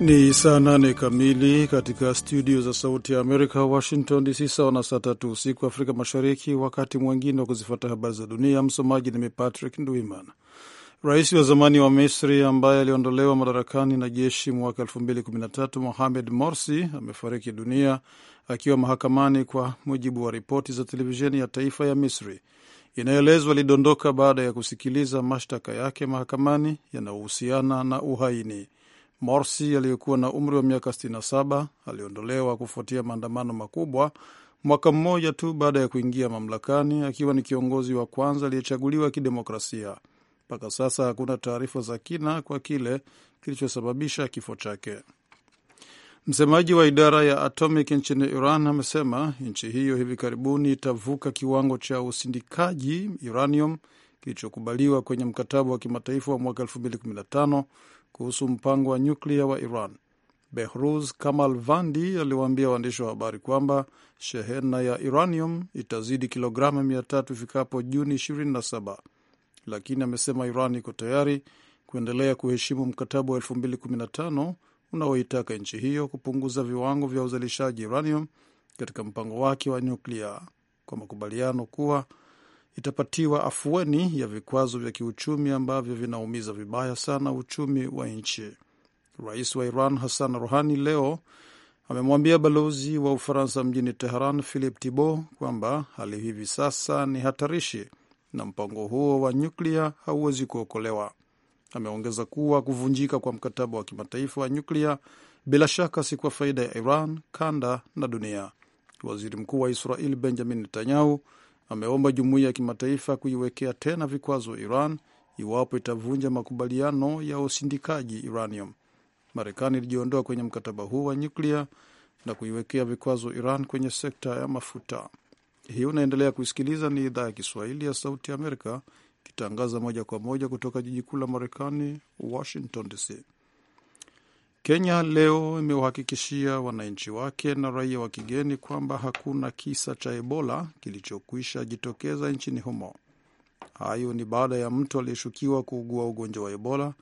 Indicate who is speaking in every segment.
Speaker 1: Ni saa nane kamili katika studio za Sauti ya Amerika, Washington DC, sawa na saa tatu usiku Afrika Mashariki. Wakati mwingine wa kuzifuata habari za dunia, msomaji ni mimi Patrick Rais wa zamani wa Misri ambaye aliondolewa madarakani na jeshi mwaka 2013 Mohamed Morsi amefariki dunia akiwa mahakamani, kwa mujibu wa ripoti za televisheni ya taifa ya Misri. inayoelezwa alidondoka baada ya kusikiliza mashtaka yake mahakamani yanayohusiana na uhaini. Morsi aliyekuwa na umri wa miaka 67 aliondolewa kufuatia maandamano makubwa mwaka mmoja tu baada ya kuingia mamlakani akiwa ni kiongozi wa kwanza aliyechaguliwa kidemokrasia. Mpaka sasa hakuna taarifa za kina kwa kile kilichosababisha kifo chake. Msemaji wa idara ya atomic nchini Iran amesema nchi hiyo hivi karibuni itavuka kiwango cha usindikaji uranium kilichokubaliwa kwenye mkataba wa kimataifa wa mwaka 2015 kuhusu mpango wa nyuklia wa Iran. Behruz vandi aliwaambia waandishi wa habari kwamba shehena ya uranium itazidi kilogramu tatu ifikapo Juni 27, lakini amesema Iran iko tayari kuendelea kuheshimu mkataba wa 2015 unaoitaka nchi hiyo kupunguza viwango vya uzalishaji uranium katika mpango wake wa nyuklia kwa makubaliano kuwa itapatiwa afueni ya vikwazo vya kiuchumi ambavyo vinaumiza vibaya sana uchumi wa nchi. Rais wa Iran Hassan Rouhani leo amemwambia balozi wa Ufaransa mjini Teheran Philip Tibo kwamba hali hivi sasa ni hatarishi na mpango huo wa nyuklia hauwezi kuokolewa. Ameongeza kuwa kuvunjika kwa mkataba wa kimataifa wa nyuklia bila shaka si kwa faida ya Iran, kanda na dunia. Waziri Mkuu wa Israel Benjamin Netanyahu ameomba jumuiya ya kimataifa kuiwekea tena vikwazo Iran iwapo itavunja makubaliano ya usindikaji uranium. Marekani ilijiondoa kwenye mkataba huu wa nyuklia na kuiwekea vikwazo Iran kwenye sekta ya mafuta. Hii unaendelea kuisikiliza, ni idhaa ya Kiswahili ya Sauti ya Amerika ikitangaza moja kwa moja kutoka jiji kuu la Marekani, Washington DC. Kenya leo imewahakikishia wananchi wake na raia wa kigeni kwamba hakuna kisa cha Ebola kilichokwisha jitokeza nchini humo. Hayo ni baada ya mtu aliyeshukiwa kuugua ugonjwa wa Ebola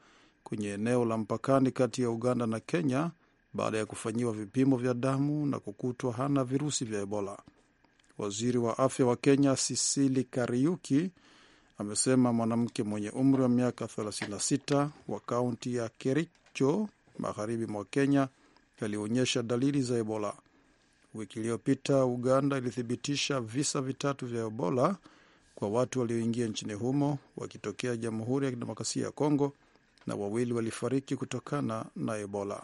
Speaker 1: kwenye eneo la mpakani kati ya Uganda na Kenya baada ya kufanyiwa vipimo vya damu na kukutwa hana virusi vya Ebola. Waziri wa afya wa Kenya Sisili Kariuki amesema mwanamke mwenye umri wa miaka 36 wa kaunti ya Kericho magharibi mwa Kenya yalionyesha dalili za Ebola. Wiki iliyopita Uganda ilithibitisha visa vitatu vya Ebola kwa watu walioingia nchini humo wakitokea Jamhuri ya Kidemokrasia ya Kongo na wawili walifariki kutokana na Ebola.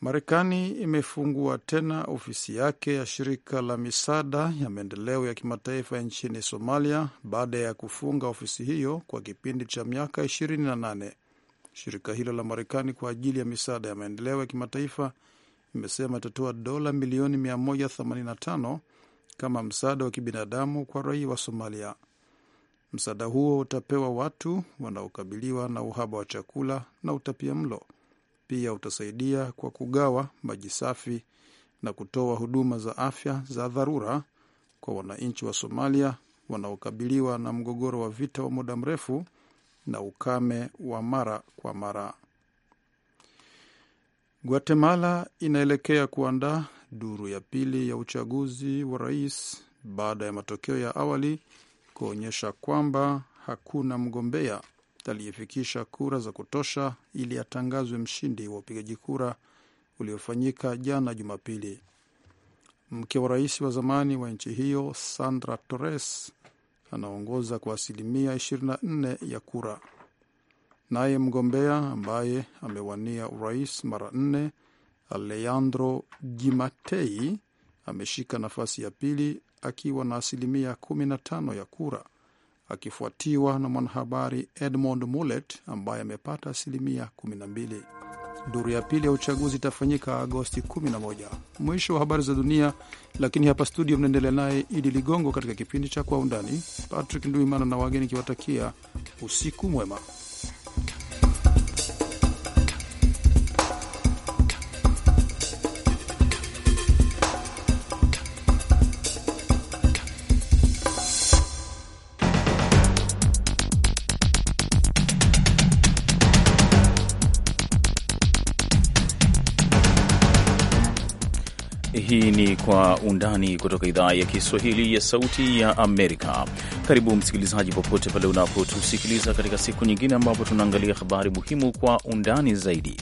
Speaker 1: Marekani imefungua tena ofisi yake ya shirika la misaada ya maendeleo ya kimataifa nchini Somalia baada ya kufunga ofisi hiyo kwa kipindi cha miaka nane. Shirika hilo la Marekani kwa ajili ya misaada ya maendeleo ya kimataifa imesema itatoa dola milioni 185 kama msaada wa kibinadamu kwa raia wa Somalia. Msaada huo utapewa watu wanaokabiliwa na uhaba wa chakula na utapia mlo. Pia utasaidia kwa kugawa maji safi na kutoa huduma za afya za dharura kwa wananchi wa Somalia wanaokabiliwa na mgogoro wa vita wa muda mrefu na ukame wa mara kwa mara. Guatemala inaelekea kuandaa duru ya pili ya uchaguzi wa rais baada ya matokeo ya awali kuonyesha kwamba hakuna mgombea aliyefikisha kura za kutosha ili atangazwe mshindi wa upigaji kura uliofanyika jana Jumapili. Mke wa rais wa zamani wa nchi hiyo Sandra Torres anaongoza kwa asilimia 24 ya kura. Naye mgombea ambaye amewania urais mara nne Alejandro Gimatei ameshika nafasi ya pili akiwa na asilimia 15 ya kura akifuatiwa na mwanahabari Edmond Mulet ambaye amepata asilimia 12. Duru ya pili ya uchaguzi itafanyika Agosti 11. Mwisho wa habari za dunia, lakini hapa studio mnaendelea naye Idi Ligongo katika kipindi cha Kwa Undani. Patrick Nduimana na wageni kiwatakia usiku mwema.
Speaker 2: Kwa Undani kutoka idhaa ya Kiswahili ya Sauti ya Amerika. Karibu msikilizaji, popote pale unapotusikiliza katika siku nyingine, ambapo tunaangalia habari muhimu kwa undani zaidi.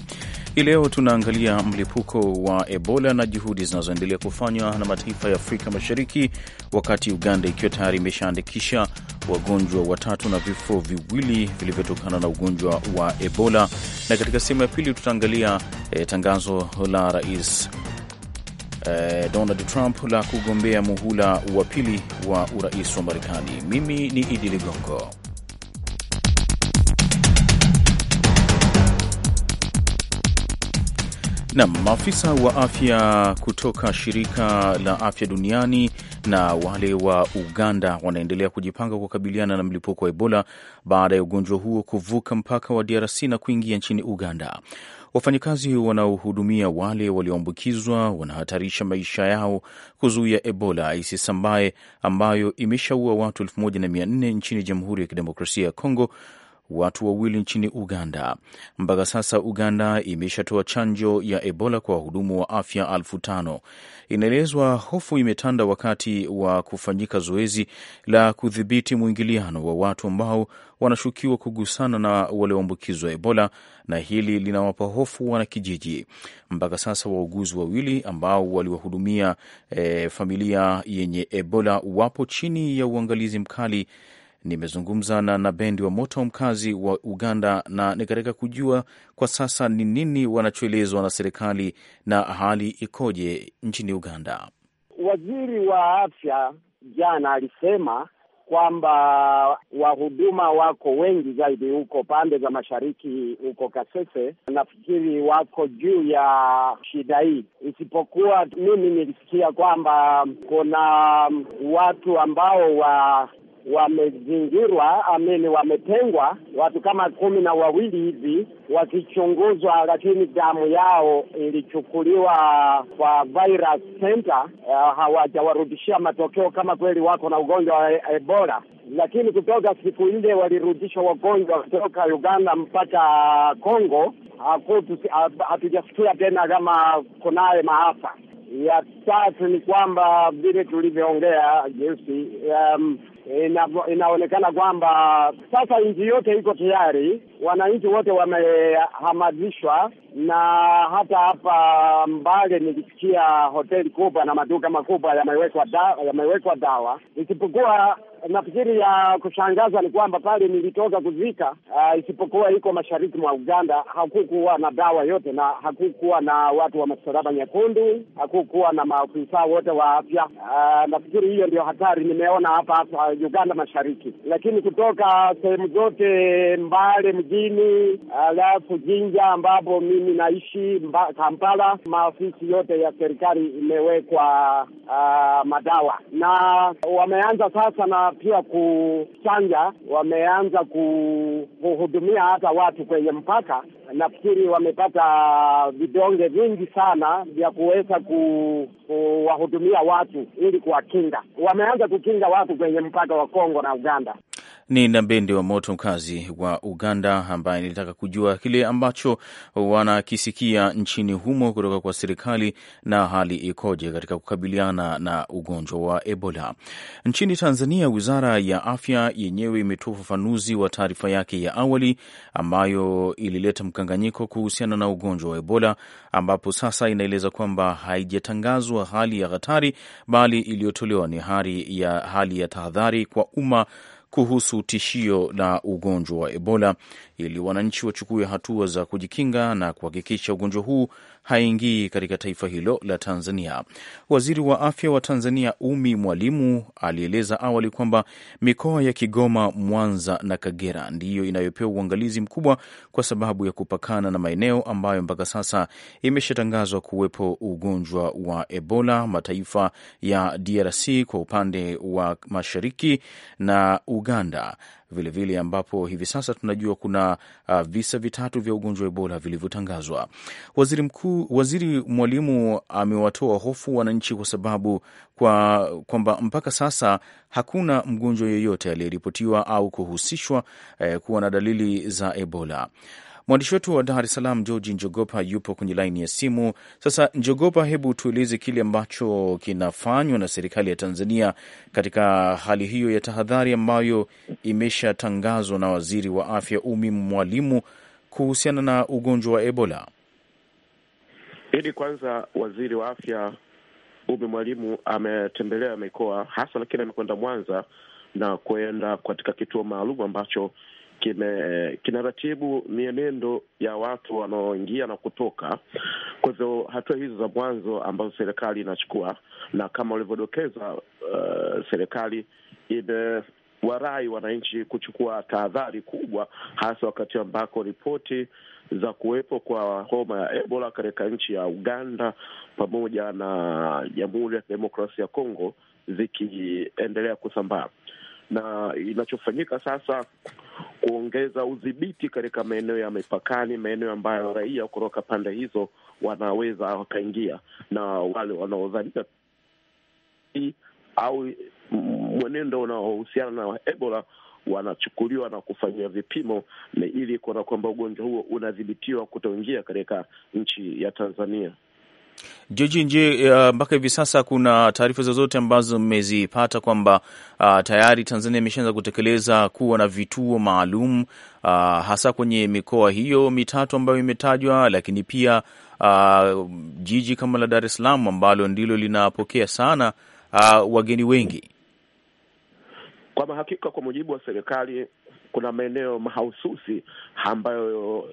Speaker 2: Hii leo tunaangalia mlipuko wa Ebola na juhudi zinazoendelea kufanywa na mataifa ya Afrika Mashariki, wakati Uganda ikiwa tayari imeshaandikisha wagonjwa watatu na vifo viwili vilivyotokana na ugonjwa wa Ebola. Na katika sehemu ya pili tutaangalia eh, tangazo la Rais eh, Donald Trump la kugombea muhula wa pili wa urais wa Marekani. Mimi ni Idi Ligongo nam maafisa wa afya kutoka shirika la afya duniani na wale wa Uganda wanaendelea kujipanga kukabiliana na mlipuko wa Ebola baada ya ugonjwa huo kuvuka mpaka wa DRC na kuingia nchini Uganda. Wafanyakazi wanaohudumia wale walioambukizwa wanahatarisha maisha yao kuzuia Ebola isisambae, ambayo imeshaua watu 1400 nchini Jamhuri ya Kidemokrasia ya Kongo watu wawili nchini Uganda. Mpaka sasa Uganda imeshatoa chanjo ya Ebola kwa wahudumu wa afya alfu tano. Inaelezwa hofu imetanda wakati wa kufanyika zoezi la kudhibiti mwingiliano wa watu ambao wanashukiwa kugusana na walioambukizwa Ebola, na hili linawapa hofu wanakijiji. Mpaka sasa wauguzi wawili ambao waliwahudumia e, familia yenye Ebola wapo chini ya uangalizi mkali Nimezungumza na Nabendi wa Moto, mkazi wa Uganda, na nikataka kujua kwa sasa ni nini wanachoelezwa na serikali na hali ikoje nchini Uganda.
Speaker 3: Waziri wa afya jana alisema kwamba wahuduma wako wengi zaidi huko pande za mashariki, huko Kasese. Nafikiri wako juu ya shida hii, isipokuwa mimi nilisikia kwamba kuna watu ambao wa wamezingirwa amini, wametengwa watu kama kumi na wawili hivi wakichunguzwa, lakini damu yao ilichukuliwa kwa virus center. Uh, hawajawarudishia matokeo kama kweli wako na ugonjwa wa e-, Ebola lakini kutoka siku ile walirudishwa wagonjwa kutoka Uganda mpaka congo hatujasikia tena kama kunaye maafa. Ya tatu ni kwamba vile tulivyoongea jinsi um, ina, inaonekana kwamba sasa nchi yote iko tayari, wananchi wote wamehamadishwa, na hata hapa Mbale nilisikia hoteli kubwa na maduka makubwa yamewekwa dawa, yamewekwa dawa isipokuwa Nafikiri ya kushangaza ni kwamba pale nilitoka kuzika, uh, isipokuwa iko mashariki mwa Uganda, hakukuwa na dawa yote na hakukuwa na watu wa Msalaba Nyekundu, hakukuwa na maafisa wote wa afya. Uh, nafikiri hiyo ndio hatari nimeona hapa hapa Uganda Mashariki, lakini kutoka sehemu zote Mbale mjini, alafu Jinja ambapo mimi naishi mba, Kampala, maafisi yote ya serikali imewekwa uh, madawa na wameanza sasa na pia kuchanja, wameanza kuhudumia hata watu kwenye mpaka. Nafikiri wamepata vidonge vingi sana vya kuweza kuwahudumia watu ili kuwakinga. Wameanza kukinga watu kwenye mpaka wa Kongo na Uganda
Speaker 2: ni Nambende wa Moto, mkazi wa Uganda, ambaye nilitaka kujua kile ambacho wanakisikia nchini humo kutoka kwa serikali na hali ikoje katika kukabiliana na ugonjwa wa Ebola. Nchini Tanzania, wizara ya afya yenyewe imetoa ufafanuzi wa taarifa yake ya awali ambayo ilileta mkanganyiko kuhusiana na ugonjwa wa Ebola, ambapo sasa inaeleza kwamba haijatangazwa hali ya hatari, bali iliyotolewa ni hali ya tahadhari kwa umma kuhusu tishio la ugonjwa wa Ebola ili wananchi wachukue hatua za kujikinga na kuhakikisha ugonjwa huu haingii katika taifa hilo la Tanzania. Waziri wa afya wa Tanzania Umi Mwalimu alieleza awali kwamba mikoa ya Kigoma, Mwanza na Kagera ndiyo inayopewa uangalizi mkubwa kwa sababu ya kupakana na maeneo ambayo mpaka sasa imeshatangazwa kuwepo ugonjwa wa Ebola. Mataifa ya DRC kwa upande wa mashariki na Uganda vilevile vile, ambapo hivi sasa tunajua kuna uh, visa vitatu vya ugonjwa wa Ebola vilivyotangazwa. Waziri mkuu, waziri Mwalimu amewatoa hofu wananchi kwa sababu kwa kwamba mpaka sasa hakuna mgonjwa yeyote aliyeripotiwa au kuhusishwa eh, kuwa na dalili za Ebola. Mwandishi wetu wa Dar es Salaam, Georgi Njogopa, yupo kwenye laini ya simu sasa. Njogopa, hebu tueleze kile ambacho kinafanywa na serikali ya Tanzania katika hali hiyo ya tahadhari ambayo imeshatangazwa na waziri wa afya Umi Mwalimu kuhusiana na ugonjwa wa Ebola.
Speaker 4: Ili kwanza, waziri wa afya Umi Mwalimu ametembelea mikoa hasa, lakini amekwenda Mwanza na kuenda katika kituo maalum ambacho Eh, kinaratibu mienendo ya watu wanaoingia na kutoka. Kwa hivyo hatua hizo za mwanzo ambazo serikali inachukua, na kama ulivyodokeza, uh, serikali imewarai wananchi kuchukua tahadhari kubwa, hasa wakati ambako ripoti za kuwepo kwa homa ya Ebola katika nchi ya Uganda pamoja na Jamhuri ya Kidemokrasia ya Kongo zikiendelea kusambaa, na inachofanyika sasa kuongeza udhibiti katika maeneo ya mipakani, maeneo ambayo raia kutoka pande hizo wanaweza wakaingia, na wale wanaodhania au mwenendo unaohusiana na Ebola wanachukuliwa na kufanyia vipimo ili kuona kwamba ugonjwa huo unadhibitiwa kutoingia katika nchi ya Tanzania.
Speaker 2: Jeji nje eh, mpaka uh, hivi sasa kuna taarifa zozote ambazo mmezipata kwamba uh, tayari Tanzania imeshaanza kutekeleza kuwa na vituo maalum uh, hasa kwenye mikoa hiyo mitatu ambayo imetajwa, lakini pia uh, jiji kama la Dar es Salaam ambalo ndilo linapokea sana uh, wageni wengi.
Speaker 4: Kwa mahakika, kwa mujibu wa serikali, kuna maeneo mahususi ambayo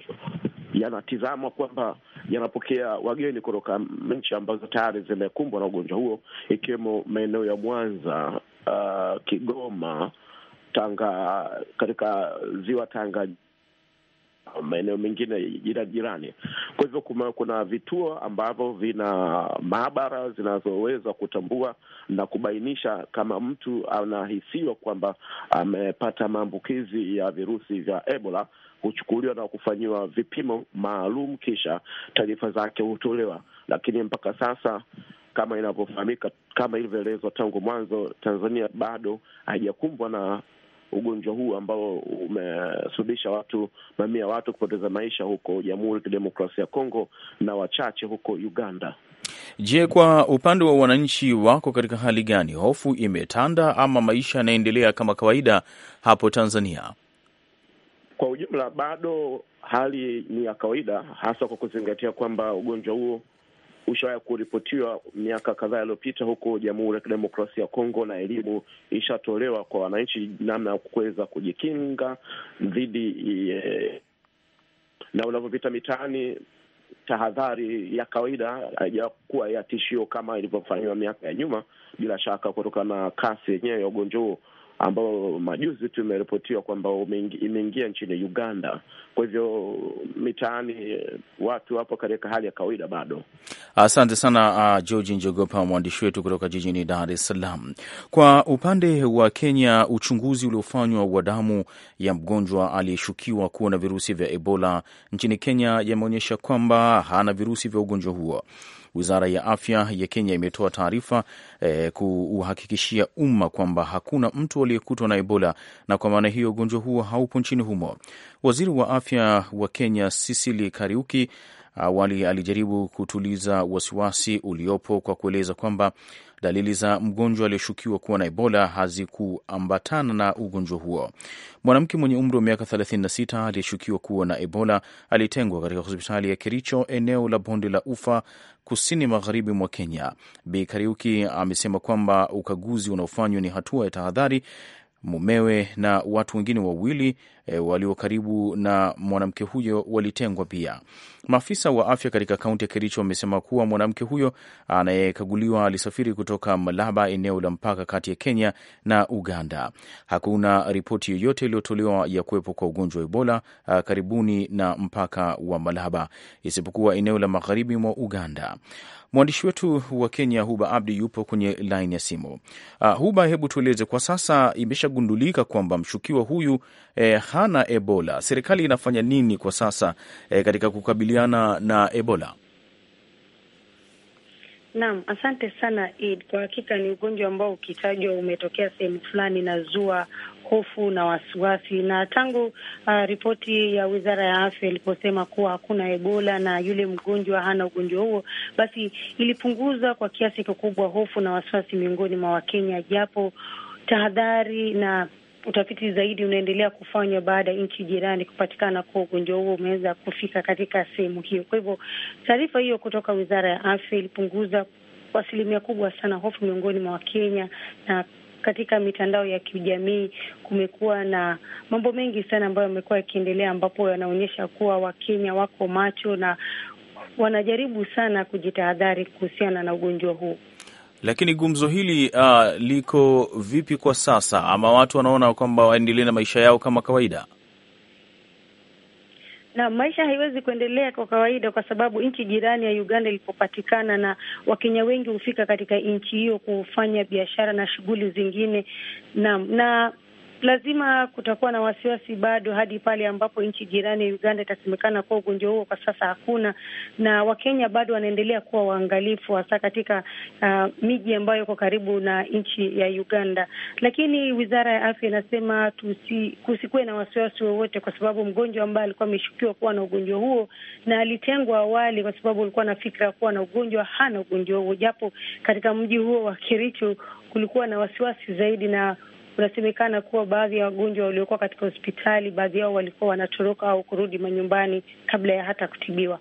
Speaker 4: yanatizamwa kwamba yanapokea wageni kutoka nchi ambazo tayari zimekumbwa na ugonjwa huo ikiwemo maeneo ya Mwanza, uh, Kigoma, Tanga, katika ziwa tanga maeneo mengine jirani jirani. Kwa hivyo kuma, kuna vituo ambavyo vina maabara zinazoweza kutambua na kubainisha kama mtu anahisiwa kwamba amepata maambukizi ya virusi vya Ebola, huchukuliwa na kufanyiwa vipimo maalum, kisha taarifa zake hutolewa. Lakini mpaka sasa kama inavyofahamika, kama ilivyoelezwa tangu mwanzo, Tanzania bado haijakumbwa na ugonjwa huu ambao umesababisha watu mamia ya watu kupoteza maisha huko Jamhuri ya Kidemokrasia ya Kongo na wachache huko Uganda.
Speaker 2: Je, kwa upande wa wananchi wako katika hali gani? Hofu imetanda ama maisha yanaendelea kama kawaida hapo Tanzania?
Speaker 4: Kwa ujumla bado hali ni ya kawaida, hasa kwa kuzingatia kwamba ugonjwa huo ushawahi kuripotiwa miaka kadhaa yaliyopita huko Jamhuri ya Kidemokrasia ya Kongo, na elimu ishatolewa kwa wananchi namna ya kuweza kujikinga dhidi na unavyopita mitaani tahadhari ya kawaida haijakuwa ya tishio kama ilivyofanyiwa miaka ya nyuma. Bila shaka kutokana na kasi yenyewe ya ugonjwa huo, ambao majuzi tu imeripotiwa kwamba imeingia nchini Uganda. Kwa hivyo mitaani watu wapo katika hali
Speaker 2: ya kawaida bado. Asante sana uh, Georgi Njogopa, mwandishi wetu kutoka jijini Dar es Salaam. Kwa upande wa Kenya, uchunguzi uliofanywa wa damu ya mgonjwa aliyeshukiwa kuwa na virusi vya Ebola nchini Kenya yameonyesha kwamba hana virusi vya ugonjwa huo. Wizara ya afya ya Kenya imetoa taarifa eh, kuuhakikishia umma kwamba hakuna mtu aliyekutwa na Ebola na kwa maana hiyo ugonjwa huo haupo nchini humo. Waziri wa afya wa Kenya sisili Kariuki Awali alijaribu kutuliza wasiwasi uliopo kwa kueleza kwamba dalili za mgonjwa aliyeshukiwa kuwa na Ebola hazikuambatana na ugonjwa huo. Mwanamke mwenye umri wa miaka 36 aliyeshukiwa kuwa na Ebola alitengwa katika hospitali ya Kericho, eneo la bonde la Ufa, kusini magharibi mwa Kenya. Bi Kariuki amesema kwamba ukaguzi unaofanywa ni hatua ya tahadhari. Mumewe na watu wengine wawili e, walio karibu na mwanamke huyo walitengwa pia. Maafisa wa afya katika kaunti ya Kericho wamesema kuwa mwanamke huyo anayekaguliwa alisafiri kutoka Malaba, eneo la mpaka kati ya Kenya na Uganda. Hakuna ripoti yoyote iliyotolewa ya kuwepo kwa ugonjwa wa Ebola a, karibuni na mpaka wa Malaba isipokuwa eneo la magharibi mwa Uganda. Mwandishi wetu wa Kenya Huba Abdi yupo kwenye laini ya simu. Huba, hebu tueleze kwa sasa imeshagundulika kwamba mshukiwa huyu eh, hana Ebola. Serikali inafanya nini kwa sasa e, katika kukabiliana na Ebola?
Speaker 5: Naam, asante sana Eid. Kwa hakika ni ugonjwa ambao ukitajwa umetokea sehemu fulani na zua hofu na wasiwasi, na tangu uh, ripoti ya Wizara ya Afya iliposema kuwa hakuna Ebola na yule mgonjwa hana ugonjwa huo, basi ilipunguza kwa kiasi kikubwa hofu na wasiwasi miongoni mwa Wakenya, japo tahadhari na utafiti zaidi unaendelea kufanywa baada ya nchi jirani kupatikana kuwa ugonjwa huo umeweza kufika katika sehemu hiyo. Kwa hivyo taarifa hiyo kutoka wizara ya afya ilipunguza kwa asilimia kubwa sana hofu miongoni mwa Wakenya na katika mitandao ya kijamii kumekuwa na mambo mengi sana ambayo yamekuwa yakiendelea, ambapo yanaonyesha kuwa Wakenya wako macho na wanajaribu sana kujitahadhari kuhusiana na ugonjwa huu.
Speaker 2: Lakini gumzo hili uh, liko vipi kwa sasa, ama watu wanaona kwamba waendelee na maisha yao kama kawaida?
Speaker 5: na maisha haiwezi kuendelea kwa kawaida, kwa sababu nchi jirani ya Uganda ilipopatikana na Wakenya wengi hufika katika nchi hiyo kufanya biashara na shughuli zingine na, na lazima kutakuwa na wasiwasi bado hadi pale ambapo nchi jirani ya Uganda itasemekana kuwa ugonjwa huo kwa sasa hakuna, na Wakenya bado wanaendelea kuwa waangalifu, hasa katika uh, miji ambayo iko karibu na nchi ya Uganda. Lakini wizara ya afya inasema tusi, kusikuwe na wasiwasi wowote, kwa sababu mgonjwa ambaye alikuwa ameshukiwa kuwa na ugonjwa huo na alitengwa awali, kwa sababu alikuwa na fikra kuwa na ugonjwa, hana ugonjwa huo, japo katika mji huo wa Kericho kulikuwa na wasiwasi zaidi na unasemekana kuwa baadhi ya wagonjwa waliokuwa katika hospitali, baadhi yao walikuwa wanatoroka au kurudi manyumbani kabla ya hata kutibiwa.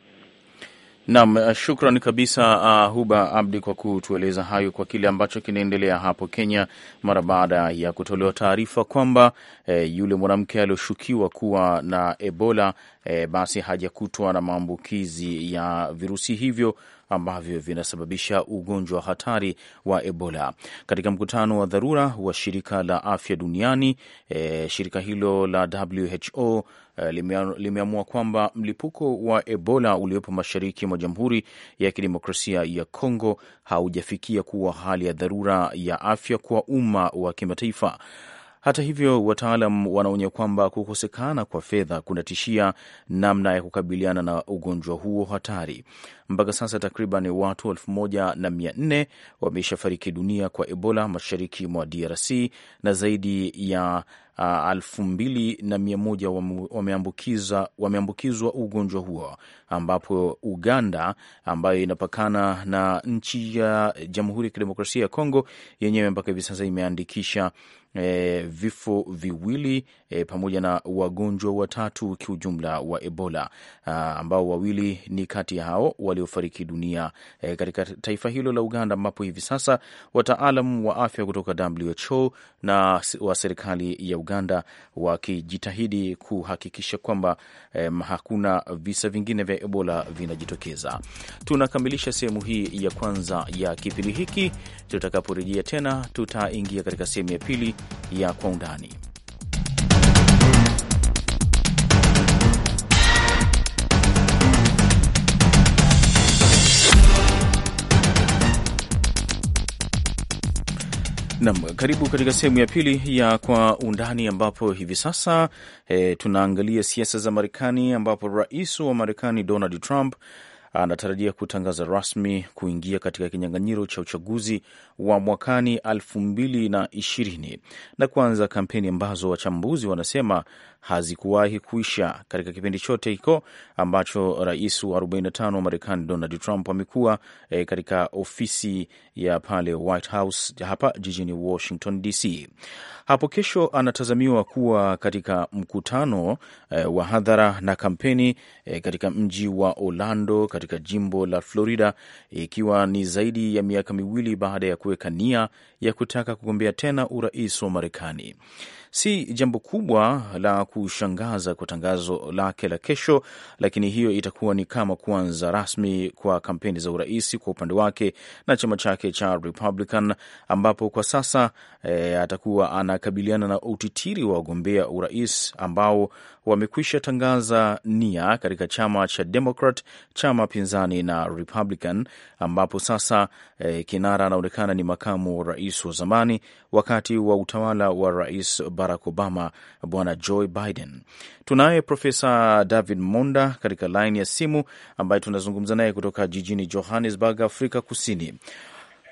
Speaker 2: Naam, eh, shukran kabisa uh, Huba Abdi kwa kutueleza hayo kwa kile ambacho kinaendelea hapo Kenya mara baada ya kutolewa taarifa kwamba eh, yule mwanamke aliyoshukiwa kuwa na Ebola eh, basi hajakutwa na maambukizi ya virusi hivyo ambavyo vinasababisha ugonjwa hatari wa Ebola. Katika mkutano wa dharura wa shirika la afya duniani, e, shirika hilo la WHO e, limeamua kwamba mlipuko wa Ebola uliopo mashariki mwa Jamhuri ya Kidemokrasia ya Kongo haujafikia kuwa hali ya dharura ya afya kwa umma wa kimataifa. Hata hivyo, wataalam wanaonya kwamba kukosekana kwa fedha kunatishia namna ya kukabiliana na ugonjwa huo hatari. Mpaka sasa takriban watu 14 wameshafariki dunia kwa Ebola mashariki mwa DRC na zaidi ya Uh, elfu wameambukizwa ugonjwa huo, ambapo Uganda ambayo inapakana na nchi ya Jamhuri ya Kidemokrasia ya Kongo yenyewe mpaka hivi sasa imeandikisha e, vifo viwili e, pamoja na wagonjwa watatu kiujumla wa Ebola, ambao wawili ni kati ya hao waliofariki dunia e, katika taifa hilo la Uganda, ambapo hivi sasa wataalam wa afya kutoka WHO na wa serikali ya Uganda wakijitahidi kuhakikisha kwamba e, hakuna visa vingine vya Ebola vinajitokeza. Tunakamilisha sehemu hii ya kwanza ya kipindi hiki. Tutakaporejea tena, tutaingia katika sehemu ya pili ya Kwa Undani. Nam, karibu katika sehemu ya pili ya Kwa Undani, ambapo hivi sasa e, tunaangalia siasa za Marekani, ambapo rais wa Marekani Donald Trump anatarajia kutangaza rasmi kuingia katika kinyang'anyiro cha uchaguzi wa mwakani elfu mbili na ishirini na kuanza kampeni ambazo wachambuzi wanasema hazikuwahi kuisha katika kipindi chote hiko ambacho rais wa 45 wa Marekani Donald Trump amekuwa e, katika ofisi ya pale White House hapa jijini Washington DC. Hapo kesho anatazamiwa kuwa katika mkutano e, wa hadhara na kampeni e, katika mji wa Orlando katika jimbo la Florida, ikiwa e, ni zaidi ya miaka miwili baada ya kuweka nia ya kutaka kugombea tena urais wa Marekani. Si jambo kubwa la kushangaza kwa tangazo lake la kesho, lakini hiyo itakuwa ni kama kuanza rasmi kwa kampeni za urais kwa upande wake na chama chake cha Republican, ambapo kwa sasa e, atakuwa anakabiliana na utitiri wa wagombea urais ambao wamekwisha tangaza nia katika chama cha Democrat, chama pinzani na Republican, ambapo sasa e, kinara anaonekana ni makamu wa rais wa zamani wakati wa utawala wa rais Barack Obama, Bwana Joe Biden. Tunaye Profesa David Monda katika laini ya simu ambaye tunazungumza naye kutoka jijini Johannesburg, Afrika Kusini.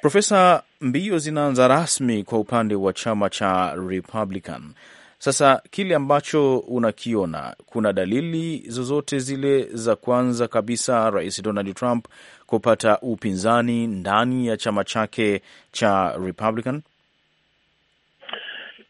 Speaker 2: Profesa, mbio zinaanza rasmi kwa upande wa chama cha Republican. Sasa kile ambacho unakiona, kuna dalili zozote zile za kwanza kabisa Rais Donald Trump kupata upinzani ndani ya chama chake cha Republican?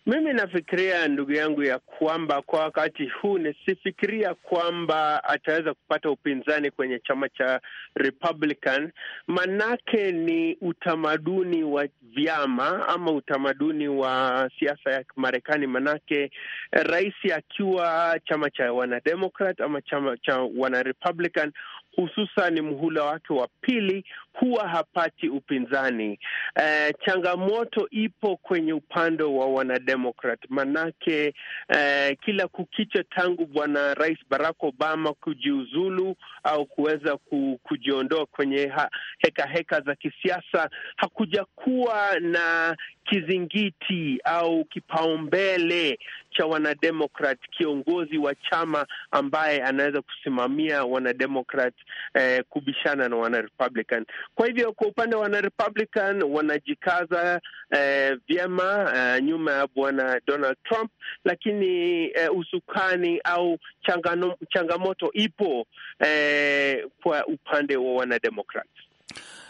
Speaker 6: Mimi nafikiria ndugu yangu, ya kwamba kwa wakati huu nisifikiria kwamba ataweza kupata upinzani kwenye chama cha Republican, manake ni utamaduni wa vyama ama utamaduni wa siasa ya Marekani. Manake eh, rais akiwa chama cha wanademokrat ama chama cha wanarepublican, hususan mhula wake wa pili huwa hapati upinzani. Eh, changamoto ipo kwenye upande wa wanademokrat manake, eh, kila kukicha tangu bwana Rais Barack Obama kujiuzulu au kuweza kujiondoa kwenye hekaheka heka za kisiasa, hakuja kuwa na kizingiti au kipaumbele cha Wanademokrat, kiongozi wa chama ambaye anaweza kusimamia Wanademokrat eh, kubishana na Wanarepublican. Kwa hivyo kwa upande wa Wanarepublican wanajikaza eh, vyema eh, nyuma ya bwana Donald Trump, lakini eh, usukani au changano, changamoto ipo eh, kwa upande wa Wanademokrat.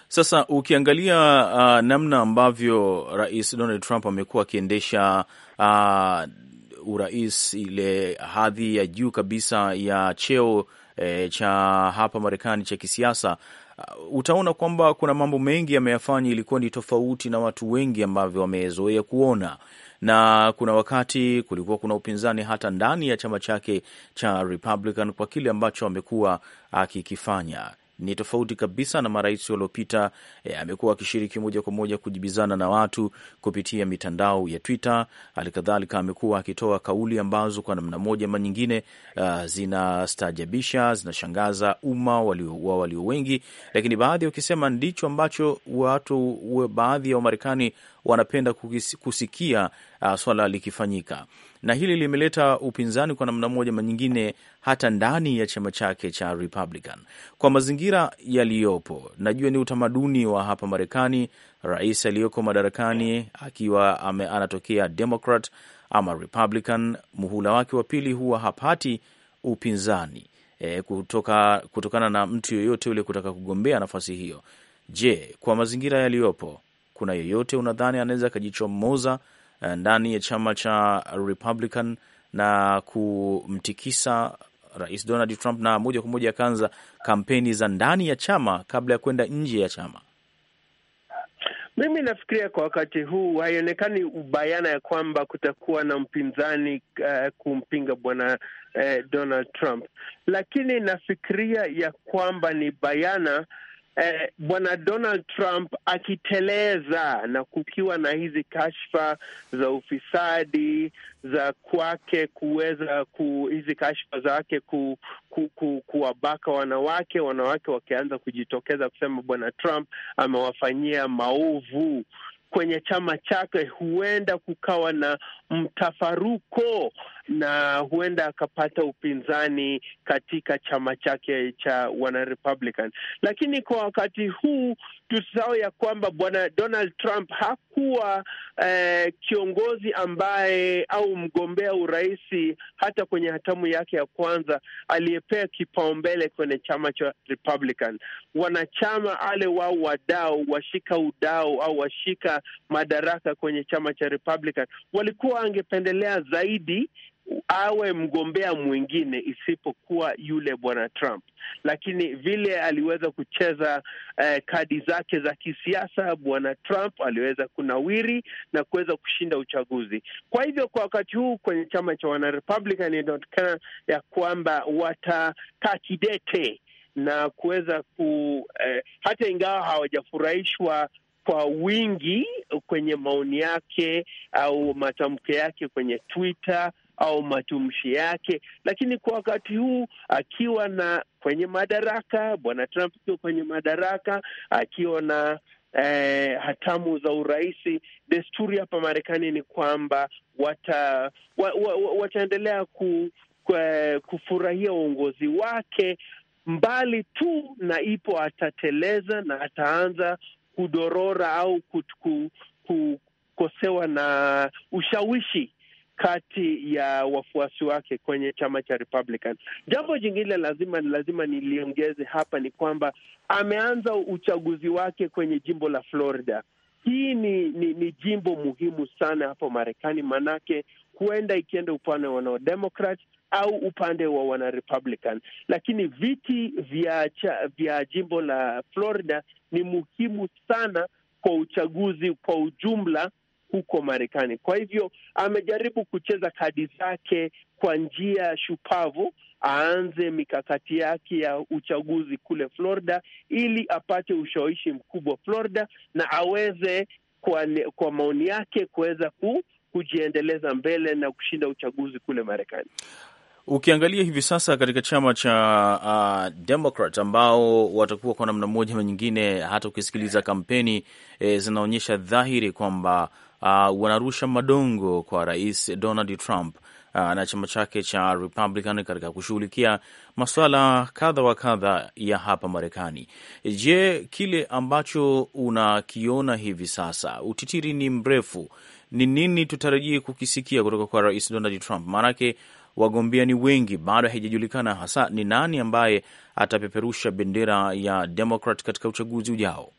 Speaker 2: Sasa ukiangalia uh, namna ambavyo Rais Donald Trump amekuwa akiendesha uh, urais, ile hadhi ya juu kabisa ya cheo e, cha hapa Marekani cha kisiasa, uh, utaona kwamba kuna mambo mengi ameyafanya ilikuwa ni tofauti na watu wengi ambavyo wamezoea kuona na kuna wakati kulikuwa kuna upinzani hata ndani ya chama chake cha Republican kwa kile ambacho amekuwa akikifanya ni tofauti kabisa na marais waliopita. E, amekuwa akishiriki moja kwa moja kujibizana na watu kupitia mitandao ya Twitter. Halikadhalika amekuwa akitoa kauli ambazo kwa namna moja ama nyingine uh, zinashangaza umma wa walio wengi, lakini baadhi wakisema ndicho ambacho watu baadhi ya Wamarekani wanapenda kusikia uh, swala likifanyika na hili limeleta upinzani kwa namna moja manyingine, hata ndani ya chama chake cha Republican kwa mazingira yaliyopo. Najua ni utamaduni wa hapa Marekani, rais aliyoko madarakani akiwa ame, anatokea Democrat ama Republican, muhula wake wa pili huwa hapati upinzani e, kutoka, kutokana na mtu yoyote yule kutaka kugombea nafasi hiyo. Je, kwa mazingira yaliyopo, kuna yoyote unadhani anaweza akajichomoza Eh, ndani ya chama cha Republican na kumtikisa Rais Donald Trump, na moja kwa moja akaanza kampeni za ndani ya chama kabla ya kwenda nje ya chama.
Speaker 6: Mimi nafikiria kwa wakati huu haionekani bayana ya kwamba kutakuwa na mpinzani uh, kumpinga bwana uh, Donald Trump, lakini nafikiria ya kwamba ni bayana eh, bwana Donald Trump akiteleza na kukiwa na hizi kashfa za ufisadi za kwake kuweza ku, hizi kashfa zake ku, ku, ku, kuwabaka wanawake, wanawake wakianza kujitokeza kusema bwana Trump amewafanyia maovu kwenye chama chake, huenda kukawa na mtafaruko na huenda akapata upinzani katika chama chake cha wanarepublican. Lakini kwa wakati huu tusisahau ya kwamba bwana Donald Trump hakuwa eh, kiongozi ambaye au mgombea urais hata kwenye hatamu yake ya kwanza aliyepewa kipaumbele kwenye chama cha Republican. Wanachama ale wao wadau washika udau au washika madaraka kwenye chama cha Republican walikuwa angependelea zaidi awe mgombea mwingine isipokuwa yule bwana Trump, lakini vile aliweza kucheza eh, kadi zake za kisiasa, bwana Trump aliweza kunawiri na kuweza kushinda uchaguzi. Kwa hivyo kwa wakati huu kwenye chama cha wanarepublican inaonekana ya kwamba watakaa kidete na kuweza ku eh, hata ingawa hawajafurahishwa kwa wingi kwenye maoni yake au matamko yake kwenye Twitter au matumshi yake, lakini kwa wakati huu akiwa na kwenye madaraka, bwana Trump akiwa kwenye madaraka, akiwa na Eh, hatamu za urahisi Desturi hapa Marekani ni kwamba wata wa, wa, wa, wataendelea ku, ku, eh, kufurahia uongozi wake mbali tu na ipo atateleza na ataanza kudorora au kutuku, kukosewa na ushawishi kati ya wafuasi wake kwenye chama cha Republican. Jambo jingine lazima lazima niliongeze hapa ni kwamba ameanza uchaguzi wake kwenye jimbo la Florida. Hii ni, ni, ni jimbo muhimu sana hapo Marekani, manake huenda ikienda upande wa wanademokrat au upande wa wanarepublican, lakini viti vya, cha, vya jimbo la Florida ni muhimu sana kwa uchaguzi kwa ujumla huko Marekani. Kwa hivyo amejaribu kucheza kadi zake kwa njia ya shupavu, aanze mikakati yake ya uchaguzi kule Florida ili apate ushawishi mkubwa Florida na aweze kwa, kwa maoni yake kuweza ku kujiendeleza mbele na kushinda uchaguzi kule Marekani.
Speaker 2: Ukiangalia hivi sasa katika chama cha uh, Democrat ambao watakuwa kwa namna moja ama nyingine, hata ukisikiliza kampeni e, zinaonyesha dhahiri kwamba uh, wanarusha madongo kwa Rais Donald Trump uh, na chama chake cha Republican katika kushughulikia masuala kadha wa kadha ya hapa Marekani. Je, kile ambacho unakiona hivi sasa, utitiri ni mrefu, ni nini tutarajie kukisikia kutoka kwa Rais Donald Trump? maanake wagombea ni wengi, bado haijajulikana hasa ni nani ambaye atapeperusha bendera ya Democrat katika uchaguzi ujao.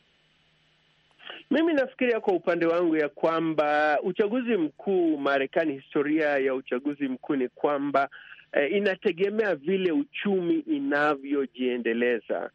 Speaker 6: Mimi nafikiria kwa upande wangu ya kwamba uchaguzi mkuu Marekani, historia ya uchaguzi mkuu ni kwamba eh, inategemea vile uchumi inavyojiendeleza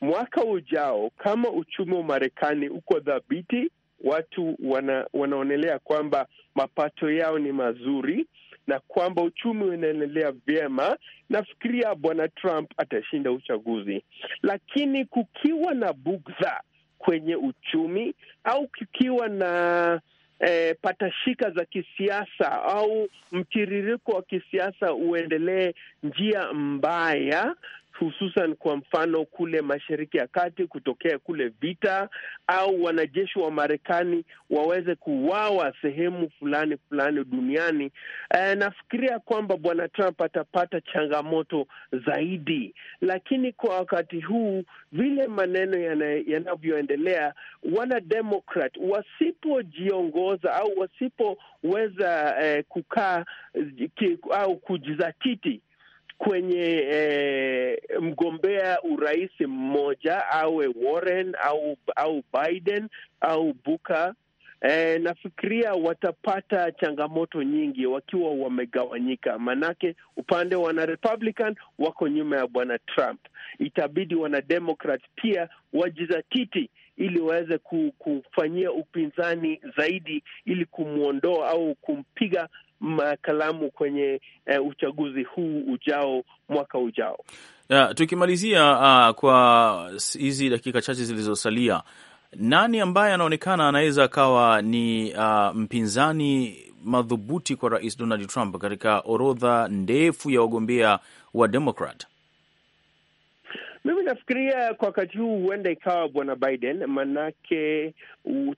Speaker 6: mwaka ujao. Kama uchumi wa Marekani uko dhabiti, watu wana, wanaonelea kwamba mapato yao ni mazuri na kwamba uchumi unaendelea vyema, nafikiria bwana Trump atashinda uchaguzi, lakini kukiwa na bugdha kwenye uchumi au kukiwa na E, patashika za kisiasa au mtiririko wa kisiasa uendelee njia mbaya, hususan kwa mfano kule Mashariki ya Kati kutokea kule vita au wanajeshi wa Marekani waweze kuuawa sehemu fulani fulani duniani. E, nafikiria kwamba bwana Trump atapata changamoto zaidi, lakini kwa wakati huu vile maneno yanavyoendelea yana wanademokrat wasipojiongoza au wasipoweza eh, kukaa eh, au kujizatiti kwenye eh, mgombea urais mmoja awe Warren au au Biden au Booker. Eh, nafikiria watapata changamoto nyingi wakiwa wamegawanyika, manake upande wa wanarepublican wako nyuma ya bwana Trump. Itabidi wanademokrat pia wajizatiti ili waweze kufanyia upinzani zaidi ili kumwondoa au kumpiga kalamu kwenye eh, uchaguzi huu ujao mwaka ujao.
Speaker 2: Ya, tukimalizia uh, kwa hizi dakika chache zilizosalia, nani ambaye anaonekana anaweza akawa ni uh, mpinzani madhubuti kwa Rais Donald Trump katika orodha ndefu ya wagombea wa Democrat?
Speaker 6: Mimi nafikiria kwa wakati huu huenda ikawa bwana Biden, manake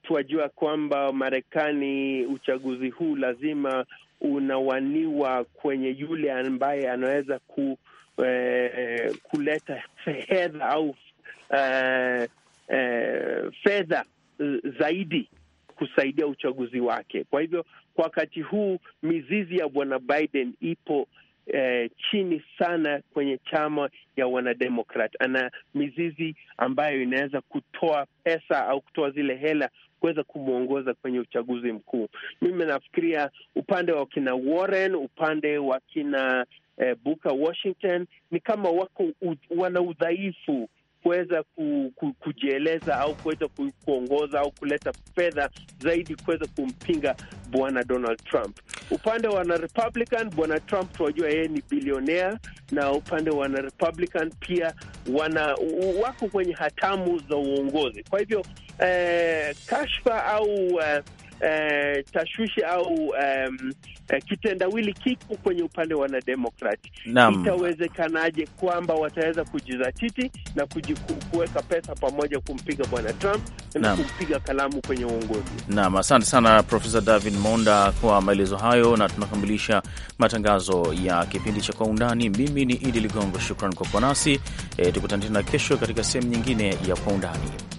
Speaker 6: tuajua kwamba Marekani uchaguzi huu lazima unawaniwa kwenye yule ambaye anaweza ku, eh, kuleta fedha au eh, eh, fedha zaidi kusaidia uchaguzi wake. Kwa hivyo kwa wakati huu mizizi ya bwana Biden ipo eh, chini sana kwenye chama ya wanademokrat. Ana mizizi ambayo inaweza kutoa pesa au kutoa zile hela kuweza kumwongoza kwenye uchaguzi mkuu. Mimi nafikiria upande wa kina Warren, upande wa kina eh, Booker Washington ni kama wako u, wana udhaifu kuweza ku, ku, kujieleza au kuweza ku, kuongoza au kuleta fedha zaidi kuweza kumpinga bwana Donald Trump. Upande wa wanarepublican, bwana Trump tunajua yeye ni bilionea, na upande wa wanarepublican pia wana wako kwenye hatamu za uongozi. Kwa hivyo eh, kashfa au eh, eh, tashwishi au um, eh, kitendawili kiko kwenye upande wa wanademokrati. Itawezekanaje kwamba wataweza kujizatiti na kuweka pesa pamoja kumpiga bwana Trump na kumpiga kalamu kwenye uongozi?
Speaker 2: Naam, asante sana Profesa David Monda kwa maelezo hayo, na tunakamilisha matangazo ya kipindi cha Kwa Undani. Mimi ni Idi Ligongo, shukran kwa kuwa nasi. E, tukutane tena kesho katika sehemu nyingine ya Kwa Undani.